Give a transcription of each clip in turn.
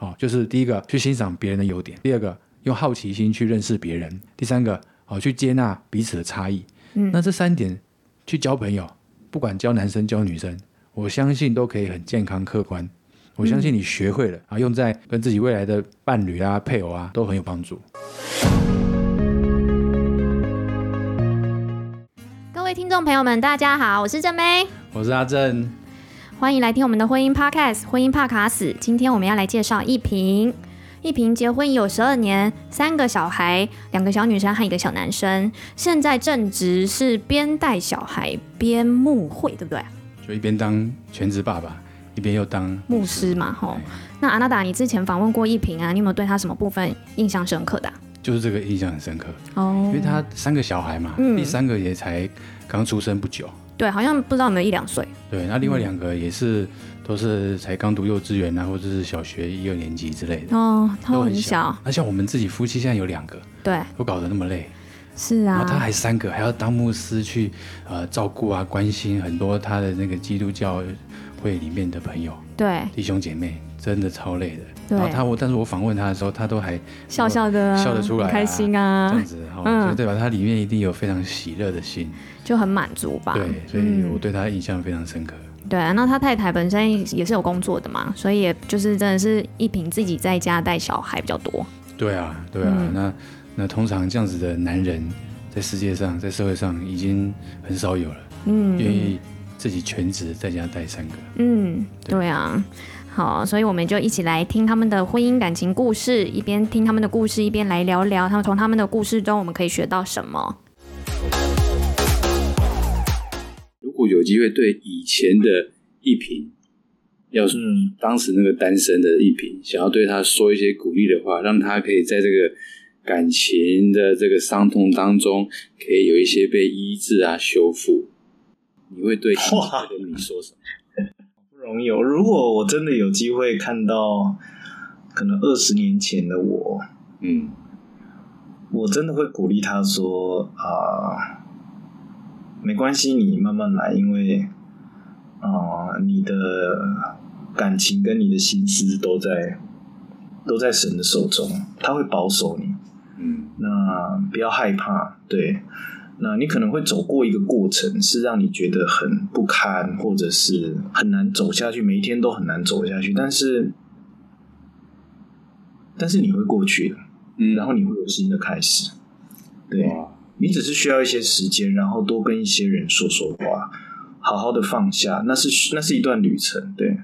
好、哦，就是第一個去欣賞別人的優點，第二個用好奇心去認識別人，第三個、哦、去接納彼此的差異。嗯，那這三點去交朋友，不管交男生交女生，我相信都可以很健康客觀。我相信你學會了、嗯、啊，用在跟自己未來的伴侶啊、配偶啊都很有幫助。各位聽眾朋友們，大家好，我是正妹，我是阿正。歡迎來聽我們的婚姻 podcast，婚姻怕卡死。今天我們要來介紹一平，一平結婚已有十二年，三個小孩，兩個小女生和一個小男生，現在正值是邊帶小孩邊牧會，對不對、啊？就一邊當全職爸爸，一邊又當師牧師嘛。吼、哎，那阿娜達，你之前訪問過一平啊，你有沒有對他什麼部分印象深刻的、啊？就是這個印象很深刻哦，因為他三個小孩嘛，第三個也才剛出生不久，對，好像不知道有沒有一兩歲。對，那另外兩個也是都是才剛讀幼稚園啊，或者是小學一二年級之類的哦，都很小。那像我們自己夫妻現在有兩個，對，都搞得那麼累，是啊。他還三個還要當牧師去呃照顧啊，關心很多他的那個基督教會裡面的朋友，對，弟兄姐妹真的超累的。對，然後他、我，但是我訪問他的時候，他都還笑笑的、啊哦，笑得出來、啊，開心啊，這樣子，嗯、就對吧？他裡面一定有非常喜樂的心，就很滿足吧。對，所以我對他印象非常深刻。嗯、對啊，那他太太本身也是有工作的嘛，所以也就是真的是一平自己在家帶小孩比較多。對啊，對啊，嗯、那那通常這樣子的男人，在世界上，在社會上已經很少有了，嗯，願意自己全職在家帶三個。嗯，對啊。對好，所以我們就一起來聽他們的婚姻感情故事，一邊聽他們的故事，一邊來聊聊他們從他們的故事中我們可以學到什麼。如果有機會對以前的一平，要是當時那個單身的一平、嗯，想要對他說一些鼓勵的話，讓他可以在這個感情的這個傷痛當中可以有一些被醫治啊、修復，你會對以前的你說什麼？朋友，如果我真的有機會看到可能二十年前的我，嗯，我真的會鼓勵他說啊、呃，沒關係，你慢慢來，因為啊、呃，你的感情跟你的心思都在都在神的手中，他會保守你，嗯，那不要害怕，對。那你可能會走過一個過程，是讓你覺得很不堪，或者是很難走下去，每一天都很難走下去。但是，但是你會過去的，嗯，然後你會有新的開始。對，你只是需要一些時間，然後多跟一些人說說話，好好的放下。那是那是一段旅程。對，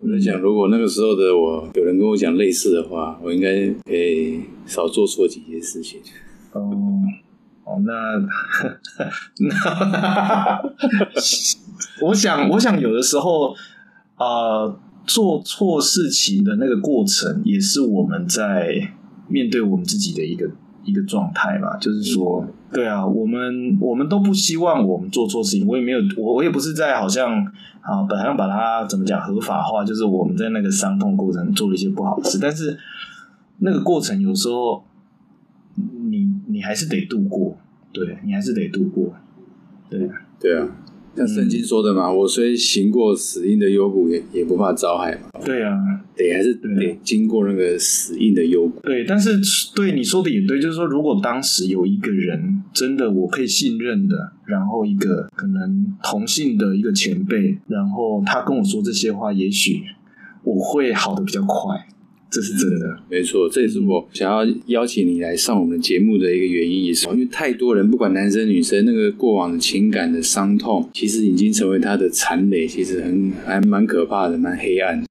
我在想，如果那個時候的我，有人跟我講類似的話，我應該可以少做錯幾件事情。哦。那哈，那 我想我想有的時候，啊、呃、做錯事情的那個過程，也是我們在面對我們自己的一個一個狀態吧，就是說、嗯，對啊，我們我們都不希望我們做錯事情，我也沒有我我也不是在好像啊，本來把它怎麼講合法化，就是我們在那個傷痛過程做了一些不好的事，但是那個過程有時候你你還是得度過。對你還是得度過，對啊，對啊，像聖經說的嘛，嗯，我雖行過死蔭的幽谷也，也也不怕遭害嘛。對啊，對，還是得經過那個死蔭的幽谷。對，但是對你說的也對，就是說，如果當時有一個人真的我可以信任的，然後一個可能同性的一個前輩，然後他跟我說這些話，也許我會好得比較快。這是真的， 沒錯。這也是我想要邀請你來上我們節目的一個原因，也是因為太多人，不管男生女生，那個過往的情感的傷痛，其實已經成為他的殘壘，其實很還蠻可怕的，蠻黑暗的。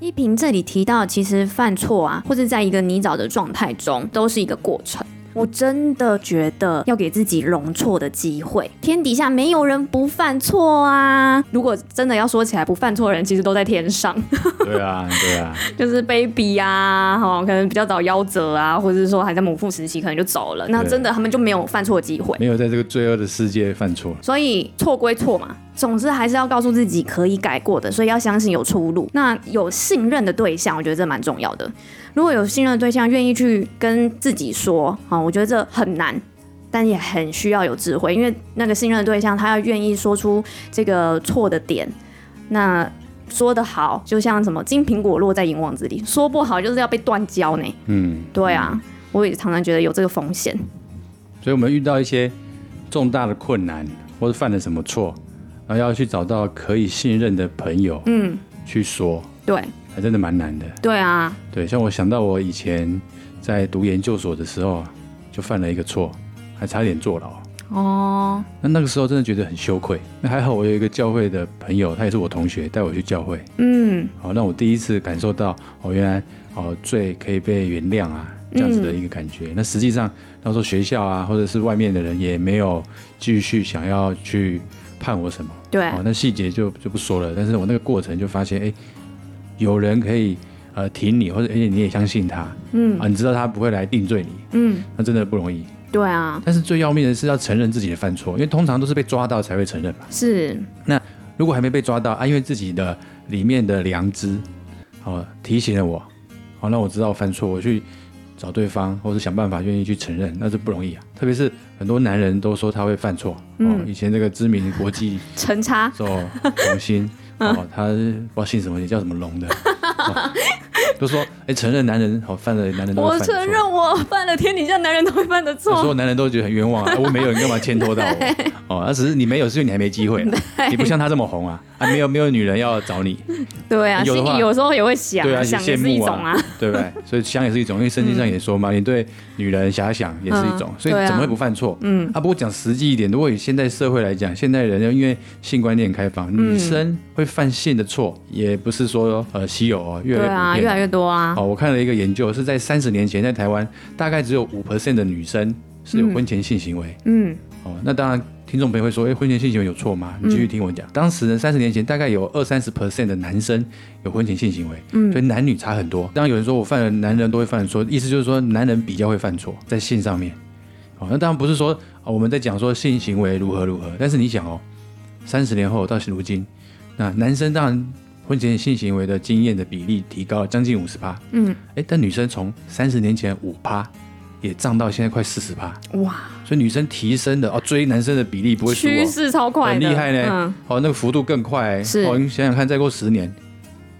一平這裡提到，其實犯錯啊，或是在一個泥沼的狀態中，都是一個過程。我真的覺得要給自己容錯的機會。天底下沒有人不犯錯啊！如果真的要說起來，不犯錯的人其實都在天上。 對啊，對啊，就是 baby 呀、啊哦，可能比較早夭折啊，或者說還在母腹時期可能就走了。那真的他們就沒有犯錯的機會，沒有在這個罪惡的世界犯錯。所以錯歸錯嘛。總之還是要告訴自己可以改過的，所以要相信有出路。那有信任的對象，我覺得這蠻重要的。如果有信任的對象願意去跟自己說，啊，我覺得這很難，但也很需要有智慧，因為那個信任的對象他要願意說出這個錯的點。那說得好，就像什麼金蘋果落在銀網子裡；說不好，就是要被斷交呢。嗯，對啊，我也常常覺得有這個風險。所以，我們遇到一些重大的困難，或者犯了什麼錯，然後要去找到可以信任的朋友，嗯，去說，對，還真的蠻難的。對啊，對，像我想到我以前在讀研究所的時候，就犯了一個錯，還差點坐牢。哦，那那個時候真的覺得很羞愧。那還好我有一個教會的朋友，他也是我同學，帶我去教會，嗯，好，讓我第一次感受到，哦，原來哦罪可以被原諒啊，這樣子的一個感覺。那實際上那時候學校啊，或者是外面的人也沒有繼續想要去。判我什麼？對，那細節就就不說了。但是我那個過程就發現，哎、欸，有人可以呃挺你，或者而且你也相信他，嗯啊，你知道他不會來定罪你，嗯，那真的不容易。對啊。但是最要命的是要承認自己的犯錯，因為通常都是被抓到才會承認嘛。是。那如果還沒被抓到，啊，因為自己的裡面的良知，好、呃，提醒了我，好，那我知道犯錯，我去。找對方，或是想辦法，願意去承認，那是不容易啊。特別是很多男人都說他會犯錯。嗯哦。以前那個知名國際陳 差，哦，紅心， 哦，他不知道姓什麼，也叫什麼龍的。 哦就說：“哎、欸，承認男人好、喔、犯了男人，我承認我犯了天底下男人都會犯的錯。我，我男說男人都覺得很冤枉啊，我沒有，你幹嘛牽拖到我？哦，那、喔、只是你沒有，是因為你還沒機會、啊。你不像他這麼紅啊，啊，沒有沒有女人要找你。對啊，心裡有時候也會想，對啊，羨慕啊，啊對不對？所以想也是一種，因為聖經上也說嘛、嗯，你對女人遐想也是一種。嗯、所以怎麼會不犯錯？嗯，啊，不過講實際一點，如果以現在社會來講，現代人因為性觀念開放，女生會犯性的錯，也不是說呃稀有哦，越越對啊，越來越多。”多啊！哦，我看了一個研究，是在三十年前，在台灣，大概只有五 percent 的女生是有婚前性行為。嗯，哦、嗯，那當然，聽眾朋友會說，哎、欸，婚前性行為有錯嗎？你繼續聽我講、嗯，當時呢，三十年前，大概有二三十 percent 的男生有婚前性行為、嗯，所以男女差很多。當然有人說我犯了，男人都會犯錯，意思就是說男人比較會犯錯，在性上面。哦，那當然不是說我們在講說性行為如何如何，但是你想哦、喔，三十年後到如今，那男生當然。婚前性行為的經驗的比例提高了將近五十趴。嗯，哎，但女生從三十年前五趴，也漲到現在快四十趴，哇！所以女生提升的哦，追男生的比例不會輸哦。趨勢超快，很厲害呢。哦，那個幅度更快，是哦，你想想看，再過十年，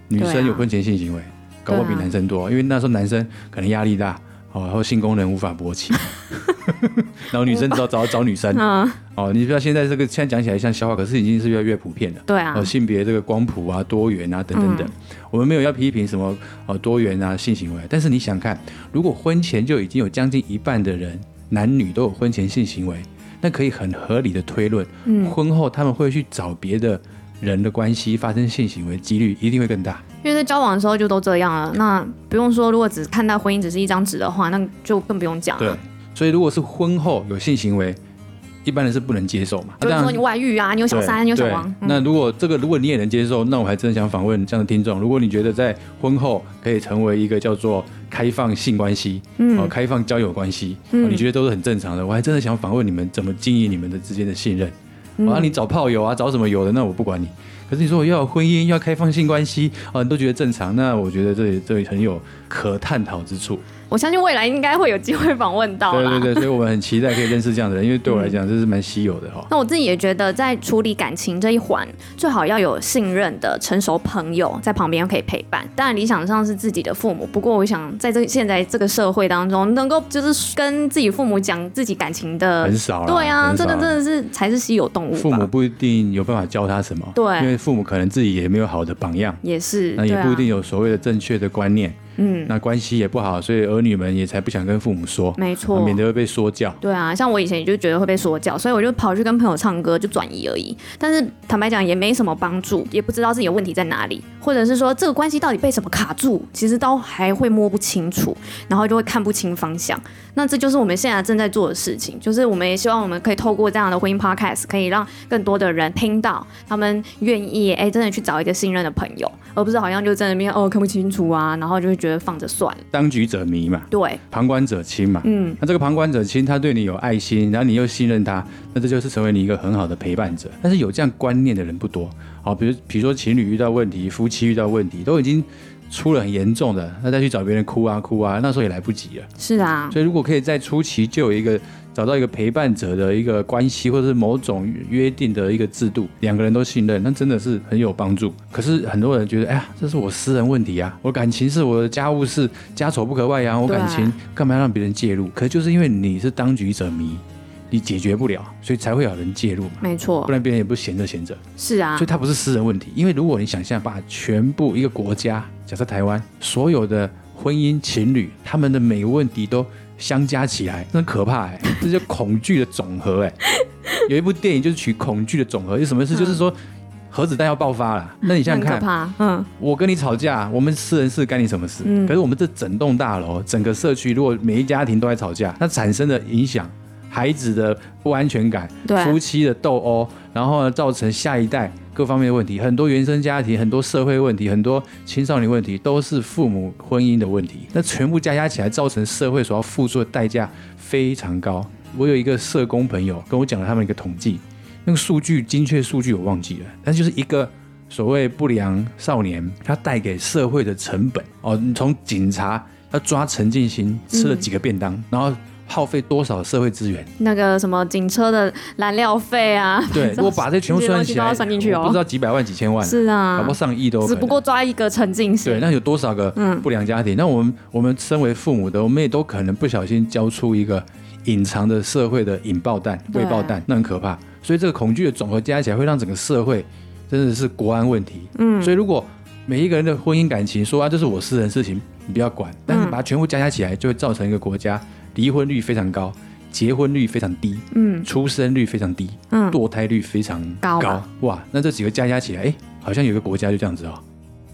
女生有婚前性行為，搞不好比男生多，因為那時候男生可能壓力大。哦，然後性功能無法勃起。 然後女生只好找找找女生。嗯。哦，你知道現在這個現在講起來像笑話，可是已經是越來越普遍了。對啊。哦，性別這個光譜啊、多元啊等等等。嗯，我們沒有要批評什麼哦，多元啊性行為，但是你想看，如果婚前就已經有將近一半的人男女都有婚前性行為，那可以很合理的推論，嗯，婚後他們會去找別的人的關係發生性行為幾率一定會更大，因為在交往的時候就都這樣了。那不用說，如果只看待婚姻只是一張紙的話，那就更不用講了。對，所以如果是婚後有性行為，一般人是不能接受嘛。就、啊，是說你外遇啊，你有小三、啊，你有小王、嗯。那如果這個，如果你也能接受，那我還真的想訪問這樣的聽眾。如果你覺得在婚後可以成為一個叫做開放性關係，嗯，開放交友關係、嗯，你覺得都是很正常的，我還真的想訪問你們怎麼經營你們的之間的信任。我讓你找炮友啊，找什麼友的，那我不管你。可是你說我要有婚姻，要開放性關係啊，你都覺得正常，那我覺得這裡這裡很有可探討之處。我相信未來應該會有機會訪問到。對對對，所以我們很期待可以認識這樣的人，因為對我來講這是蠻稀有的哈、嗯。那我自己也覺得，在處理感情這一環，最好要有信任的成熟朋友在旁邊又可以陪伴。當然，理想上是自己的父母。不過，我想在這現在這個社會當中，能夠就是跟自己父母講自己感情的很少。對啊，這個真，真的是才是稀有動物。父母不一定有辦法教他什麼，對，因為父母可能自己也沒有好的榜樣，也是，那也不一定有所謂的正確的觀念。嗯，那關係也不好，所以兒女們也才不想跟父母說，沒錯，免得會被說教。對啊，像我以前也就覺得會被說教，所以我就跑去跟朋友唱歌，就轉移而已。但是坦白講，也沒什麼幫助，也不知道自己的問題在哪裡，或者是說這個關係到底被什麼卡住，其實都還會摸不清楚，然後就會看不清方向。那這就是我們現在正在做的事情，就是我們也希望我們可以透過這樣的婚姻 Podcast，可以讓更多的人聽到，他們願意哎、欸、真的去找一個信任的朋友，而不是好像就在那邊哦看不清楚啊，然後就會。覺得放着算，當局者迷嘛，對，旁觀者清嘛，嗯，那這個旁觀者清，他對你有愛心，然後你又信任他，那這就是成為你一個很好的陪伴者。但是有這樣觀念的人不多，好，比如比如說情侶遇到問題，夫妻遇到問題，都已經出了很嚴重的，那再去找別人哭啊哭啊，那時候也來不及了，是啊，所以如果可以在初期就有一個。找到一個陪伴者的一個關係，或者是某種約定的一個制度，兩個人都信任，那真的是很有幫助。可是很多人覺得，哎呀，這是我私人問題啊，我感情是我的家務事，家醜不可外揚，我感情幹嘛要讓別人介入？可就是因為你是當局者迷，你解決不了，所以才會有人介入嘛。沒錯，不然別人也不閒着閒着。是啊，所以他不是私人問題，因為如果你想象把全部一個國家，假設台灣所有的婚姻情侶，他們的每個問題都。相加起來真可怕哎，這叫恐懼的總和哎，有一部電影就是取恐懼的總和，有什麼事？就是說核子彈要爆發了，那你想想看，我跟你吵架，我們私人事，干你什麼事？可是我們這整棟大樓、整個社區，如果每一家庭都在吵架，那產生的影響，孩子的不安全感，夫妻的鬥毆，然後呢，造成下一代。各方面的問題，很多原生家庭，很多社會問題，很多青少年問題，都是父母婚姻的問題。那全部加加起來，造成社會所要付出的代價非常高。我有一個社工朋友跟我講了他們一個統計，那個數據精確數據我忘記了，但是就是一個所謂不良少年，他帶給社會的成本哦，你從警察他抓陳進興吃了幾個便當，然後。耗費多少社會資源？那個什麼警車的燃料費啊？對，如果把這些全部算起來算進去、哦、我不知道幾百萬、幾千萬，是啊，搞不好上億都。只不過抓一個陳進興。對，那有多少個不良家庭？嗯、那我們我們身為父母的，我們也都可能不小心交出一個隱藏的社會的引爆彈、未爆彈，那很可怕。所以這個恐懼的總和加起來，會讓整個社會真的是國安問題。嗯，所以如果每一個人的婚姻感情說啊，這、就是我私人事情，你不要管，但是把它全部加加起來，就會造成一個國家。離婚率非常高，結婚率非常低，嗯，出生率非常低，嗯，墮胎率非常高，高，哇！那這幾個加加起來，哎、欸，好像有個國家就這樣子哦、喔，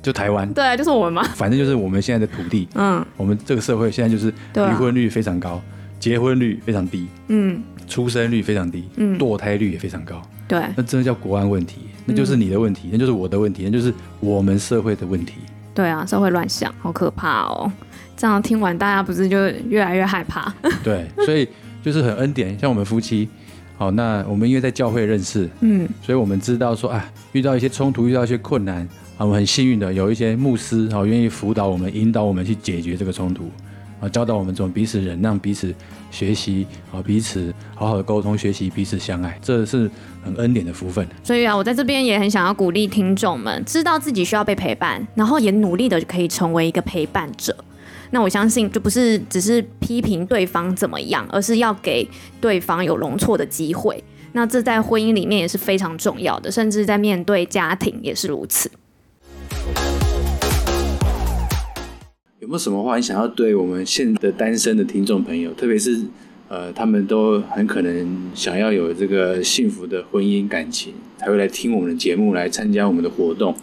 就台灣，對，就是我們嘛。反正就是我們現在的土地，嗯，我們這個社會現在就是離婚率非常高，嗯，結婚率非常低，嗯，出生率非常低，嗯，墮胎率也非常高，對。那真的叫國安問題，那就是你的問題，嗯，那就是我的問題，那就是我們社會的問題。對啊，社會亂象，好可怕哦、喔。這樣聽完，大家不是就越來越害怕？對，所以就是很恩典。像我們夫妻，好，那我們因為在教會認識，嗯，所以我們知道說，哎，遇到一些衝突，遇到一些困難，啊，我們很幸運的有一些牧師好願意輔導我們，引導我們去解決這個衝突，啊，教導我們怎麼彼此忍讓，彼此學習，啊，彼此好好的溝通，學習彼此相愛，這是很恩典的福分。所以啊，我在這邊也很想要鼓勵聽眾們，知道自己需要被陪伴，然後也努力的可以成為一個陪伴者。那我相信，就不是只是批評對方怎麼樣，而是要給對方有容錯的機會。那這在婚姻裡面也是非常重要的，甚至在面對家庭也是如此。有沒有什麼話你想要對我們現的單身的聽眾朋友，特別是，呃，他們都很可能想要有這個幸福的婚姻感情，才會來聽我們的節目，來參加我們的活動？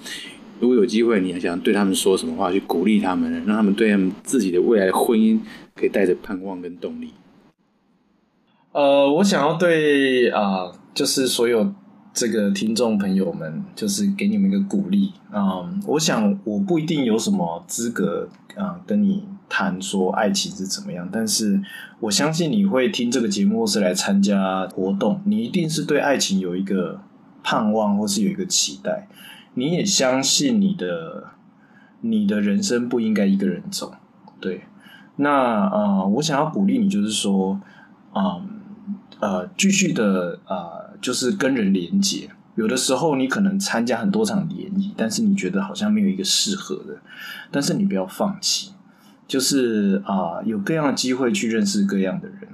如果有機會，你還想對他們說什麼話，去鼓勵他們，讓他們對他們自己的未來的婚姻可以帶着盼望跟動力。呃，我想要對啊，呃，就是所有這個聽眾朋友們，就是給你們一個鼓勵啊，呃。我想我不一定有什麼資格啊，呃，跟你談說愛情是怎麼樣，但是我相信你會聽這個節目是來參加活動，你一定是對愛情有一個盼望或是有一個期待。你也相信你的，你的人生不應該一個人走，對？那啊、呃，我想要鼓勵你，就是說，啊、呃，呃，繼續的，呃，就是跟人連接。有的時候你可能參加很多場聯誼，但是你覺得好像沒有一個適合的，但是你不要放棄，就是啊、呃，有各樣的機會去認識各樣的人。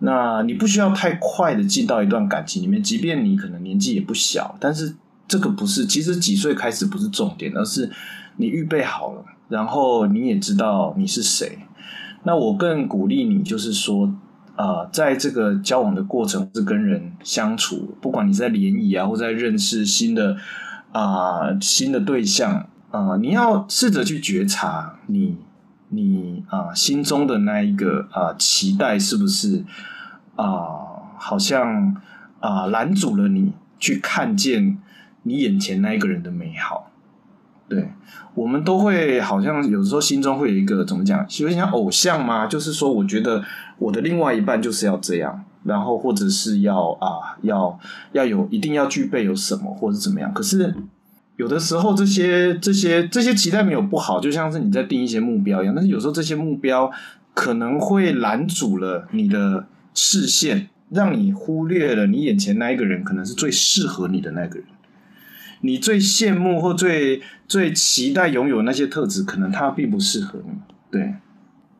那你不需要太快的進到一段感情裡面，即便你可能年紀也不小，但是。這個不是，其實幾歲開始不是重點，而是你預備好了，然後你也知道你是誰。那我更鼓勵你，就是說，呃，在這個交往的過程，是跟人相處，不管你在聯誼啊，或在認識新的啊、呃、新的對象，啊、呃，你要試着去覺察你你啊、呃、心中的那一個啊、呃、期待是不是啊、呃、好像啊、呃、攔阻了你去看見。你眼前那一個人的美好，對，我們都會好像有時候心中會有一個怎麼講，有點像偶像嗎？就是說，我覺得我的另外一半就是要這樣，然後或者是要啊，要要有一定要具備有什麼，或者怎麼樣。可是有的時候這些，這些這些這些期待沒有不好，就像是你在定一些目標一樣。但是有時候這些目標可能會攔阻了你的視線，讓你忽略了你眼前那一個人可能是最適合你的那個人。你最羨慕或最最期待擁有那些特質，可能它並不適合你。對，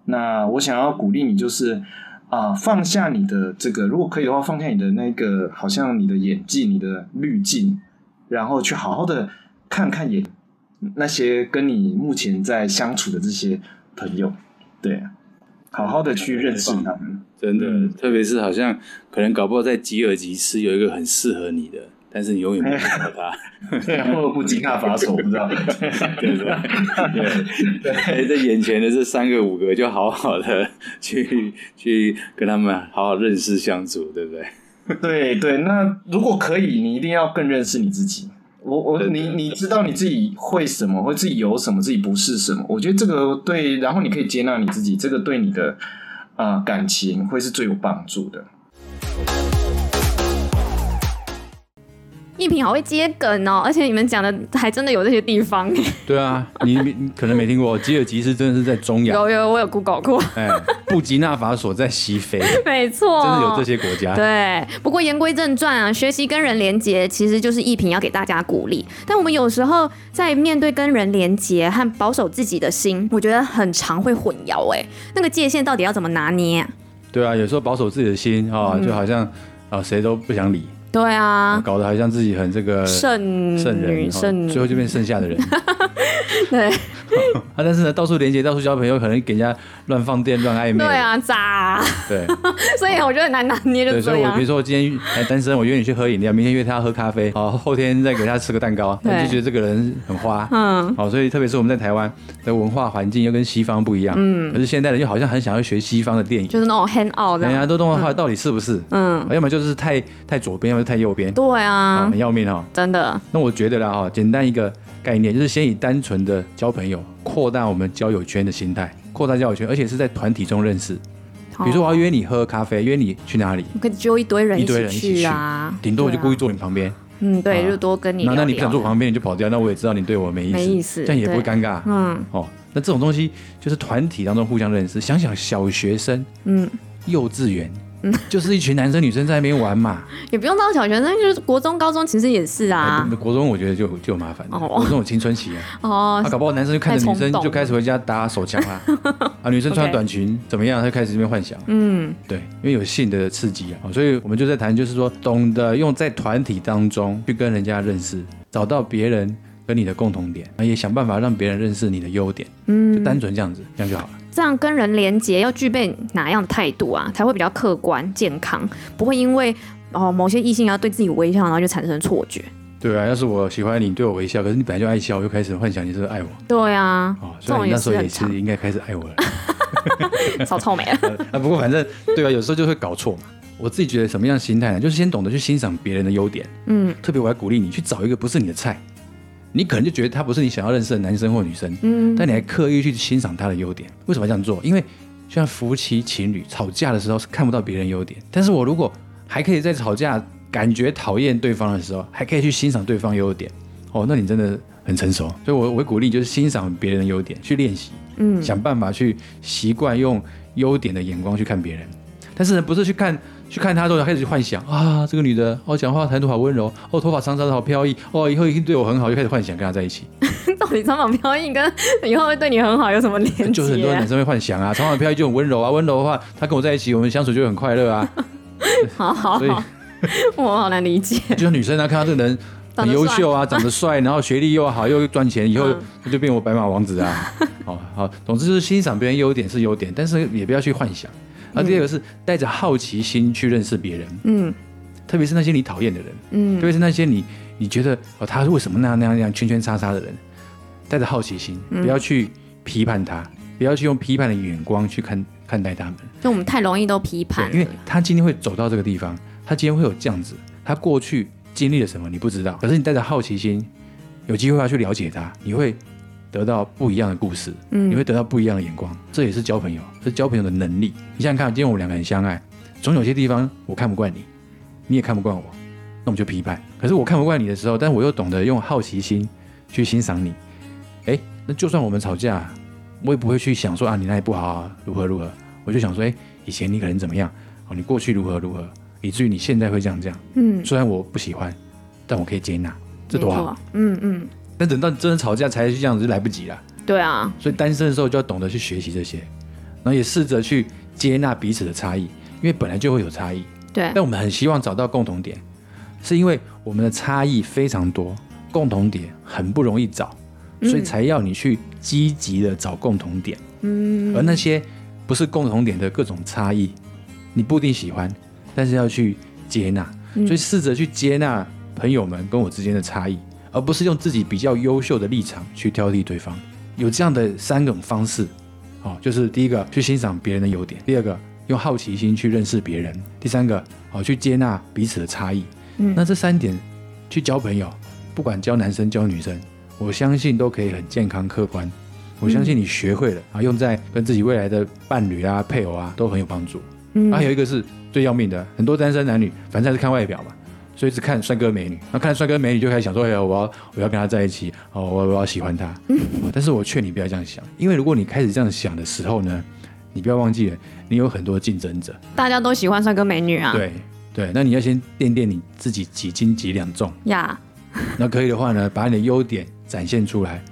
那我想要鼓勵你，就是啊、呃，放下你的這個，如果可以的話，放下你的那個，好像你的眼鏡、你的濾鏡，然後去好好的看看眼那些跟你目前在相處的這些朋友，對，好好的去認識他們。真的，特別是好像可能搞不好在吉爾吉斯有一個很適合你的。但是你永遠不會害怕， 不他，莫不驚訝法守，我不知道，對 不對？對，對，對，對、哎、在眼前的這三個五個就好好的去 去跟他們好好認識相處，對不對？對對，那如果可以，你一定要更認識你自己。我我你你知道你自己會什麼，或自己有什麼，自己不是什麼？我覺得這個對，然後你可以接納你自己，這個對你的啊、呃、感情會是最有幫助的。一平好會接梗哦，而且你們講的還真的有這些地方。對啊，你可能沒聽過，吉爾吉斯真的是在中亞。有有，有，我有 google 過。哎、布吉納法索在西非。沒錯。真的有這些國家。對，不過言歸正傳啊，學習跟人連接其實就是一平要給大家鼓勵。但我們有時候在面對跟人連接和保守自己的心，我覺得很常會混淆哎，那個界限到底要怎麼拿捏啊？對啊，有時候保守自己的心啊、哦，就好像啊、哦、誰都不想理。對啊，搞得好像自己很這個聖聖人，聖人，最後就變剩下的人，哈哈哈。對。啊！ 但是呢，到處連接，到處交朋友，可能給人家亂放電、亂曖昧。對啊，渣啊。對， 所以我覺得很難拿捏這。對，所以我比如說，我今天還單身，我約你去喝飲料，明天約他喝咖啡，好，後天再給他吃個蛋糕，我就覺得這個人很花。嗯。好，所以特別是我們在台灣的文化環境又跟西方不一樣。嗯。可是現代人又好像很想要學西方的電影，就是那種 hand out。對啊，人家都懂的話到底是不是？嗯。要麼就是太太左邊，要麼太右邊。對啊。很要命啊、哦！真的。那我覺得啦，哈，簡單一個。概念就是先以單純的交朋友，擴大我們交友圈的心態，擴大交友圈，而且是在團體中認識。比如說，我要約你喝，喝咖啡，約你去哪裡？我可以有一堆人，一堆人一起去啊。頂多我就故意坐你旁邊。嗯，對，就多跟你。那那你不想坐我旁邊，你就跑掉。那我也知道你對我沒意思，但也不會尷尬。嗯，哦，那這種東西就是團體當中互相認識。想想小學生，嗯，幼稚園。 就是一群男生女生在那邊玩嘛，也不用到小學生，就是國中、高中，其實也是啊啊。國中我覺得就就有麻煩，oh. 國中有青春期啊。哦、oh. 啊。搞不好男生就看着女生就開始回家打手槍啊，啊，女生穿短裙、okay. 怎麼樣，她就開始這邊幻想。嗯，對，因為有性的刺激啊，所以我們就在談，就是說懂得用在團體當中去跟人家認識，找到別人跟你的共同點，也想辦法讓別人認識你的優點。嗯。就單純這樣子，嗯，這樣就好了。這樣跟人連接要具備哪樣的態度啊？才會比較客觀、健康，不會因為哦，某些異性要對自己微笑，然後就產生錯覺。對啊，要是我喜歡你，你對我微笑，可是你本來就愛笑，我就開始幻想你是不是愛我。對啊，哦，所以你那時候也是應該開始愛我了，少臭 美了 啊。不過反正對啊，有時候就會搞錯嘛。我自己覺得什麼樣的心態呢？就是先懂得去欣賞別人的優點。嗯，特別我還鼓勵你去找一個不是你的菜。你可能就覺得他不是你想要認識的男生或女生，嗯，但你還刻意去欣賞他的優點，為什麼要這樣做？因為像夫妻情侶吵架的時候是看不到別人優點，但是我如果還可以在吵架、感覺討厭對方的時候，還可以去欣賞對方優點，哦，那你真的很成熟。所以我，我會鼓勵你，就是欣賞別人的優點去練習，嗯，想辦法去習慣用優點的眼光去看別人，但是不是去看。去看她之後，開始去幻想啊，這個女的哦，講話態度好溫柔哦，頭髮長長的，好飄逸哦，以後一定對我很好，又開始幻想跟她在一起。到底長髮飄逸跟以後會對你很好有什麼聯繫？、啊、就是很多男生會幻想啊，長髮飄逸就很溫柔啊，溫柔的話，她跟我在一起，我們相處就很快樂啊。 好好，好所以，我好難理解。 就像女生呢、啊，看到這個人很優秀啊，長得帥、啊，然後學歷又好，又賺錢，以後就變我白馬王子啊。好好，總之就是欣賞別人優點是優點，但是也不要去幻想。而，第二個是帶着好奇心去認識別人，嗯，特別是那些你討厭的人，嗯，特別是那些你你覺得哦，他為什麼那樣那樣那樣圈圈叉叉的人，帶着好奇心、嗯，不要去批判他，不要去用批判的眼光去看看待他們。就我們太容易都批判了，因為他今天會走到這個地方，他今天會有這樣子，他過去經歷了什麼你不知道，可是你帶着好奇心，有機會要去了解他，你會。得到不一樣的故事，你會得到不一樣的眼光，嗯、這也是交朋友，是交朋友的能力。你想想看，今天我們兩個人相愛，總有些地方我看不慣你，你也看不慣我，那我們就批判。可是我看不慣你的時候，但我又懂得用好奇心去欣賞你。哎，那就算我們吵架，我也不會去想說啊，你哪裡不好啊，如何如何，我就想說，哎，以前你可能怎麼樣，哦，你過去如何如何，以至於你現在會這樣這樣。嗯，雖然我不喜歡，但我可以接納，這多好啊，嗯，嗯嗯。但等到你真的吵架才這樣子，就來不及了。對啊，所以單身的時候就要懂得去學習這些，然後也試着去接納彼此的差異，因為本來就會有差異。對。但我們很希望找到共同點，是因為我們的差異非常多，共同點很不容易找，所以才要你去積極的找共同點。嗯。而那些不是共同點的各種差異，你不一定喜歡，但是要去接納。所以試着去接納朋友們跟我之間的差異。而不是用自己比較優秀的立場去挑剔對方，有這樣的三種方式，哦、就是第一個去欣賞別人的優點，第二個用好奇心去認識別人，第三個好、哦、去接納彼此的差異，嗯。那這三點去交朋友，不管交男生交女生，我相信都可以很健康客觀。我相信你學會了啊、嗯，用在跟自己未來的伴侶啊、配偶啊都很有幫助。還、嗯啊、有一個是最要命的，很多單身男女反正還是看外表吧。所以只看帥哥美女，那看帥哥美女就開始想說：“哎呀、啊，我要我要跟他在一起，哦，我要我要喜歡他。嗯哦”但是，我勸你不要這樣想，因為如果你開始這樣想的時候呢，你不要忘記了，你有很多競爭者，大家都喜歡帥哥美女啊。對對，那你要先掂掂你自己幾斤幾兩重呀。那、嗯、可以的話呢，把你的優點展現出來，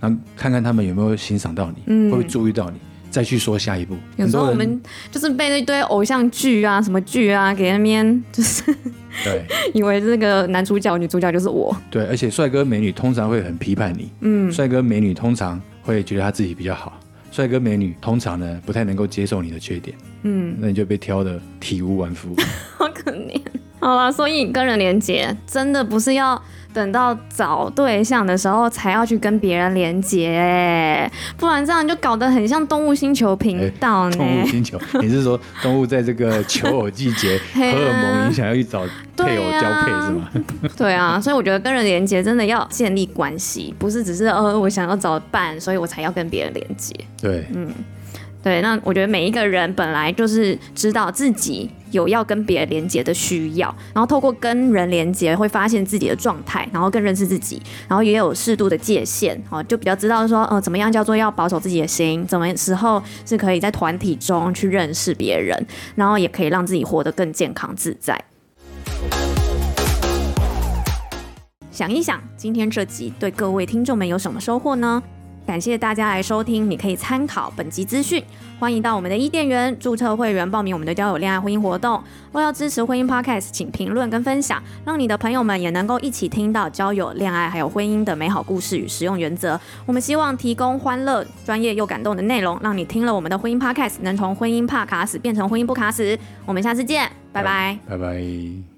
那看看他們有沒有欣賞到你，嗯、會不會注意到你。再去說下一步。有時候我們就是被那堆偶像劇啊、什麼劇啊，給那邊就是對， 以為這個男主角、女主角就是我。對，而且帥哥美女通常會很批判你，嗯，帥哥美女通常會覺得他自己比較好，帥哥美女通常呢不太能夠接受你的缺點，嗯，那你就被挑得體無完膚， 好可憐。好啦，所以跟人連接真的不是要。等到找對象的時候才要去跟別人連接，不然這樣就搞得很像動、欸《動物星球》頻道動物星球，你是說動物在這個求偶季節 荷爾蒙影響，要去找配偶交配、啊、是嗎？ 對啊，所以我覺得跟人連接真的要建立關係，不是只是呃我想要找伴，所以我才要跟別人連接。對，嗯。對，那我覺得每一個人本來就是知道自己有要跟別人連接的需要，然後透過跟人連接，會發現自己的狀態，然後更認識自己，然後也有適度的界限哦，就比較知道說，呃，怎麼樣叫做要保守自己的心，怎麼時候是可以在團體中去認識別人，然後也可以讓自己活得更健康自在。想一想，今天這集對各位聽眾們有什麼收穫呢？感謝大家來收聽，你可以參考本集資訊。歡迎到我們的伊甸緣註冊會員，報名我們的交友、戀愛、婚姻活動。若要支持婚姻 Pacast，請評論跟分享，讓你的朋友們也能夠一起聽到交友、戀愛還有婚姻的美好故事與實用原則。我們希望提供歡樂、專業又感動的內容，讓你聽了我們的婚姻 Pacast，能從婚姻怕卡死變成婚姻不卡死。我們下次見，拜拜，拜拜。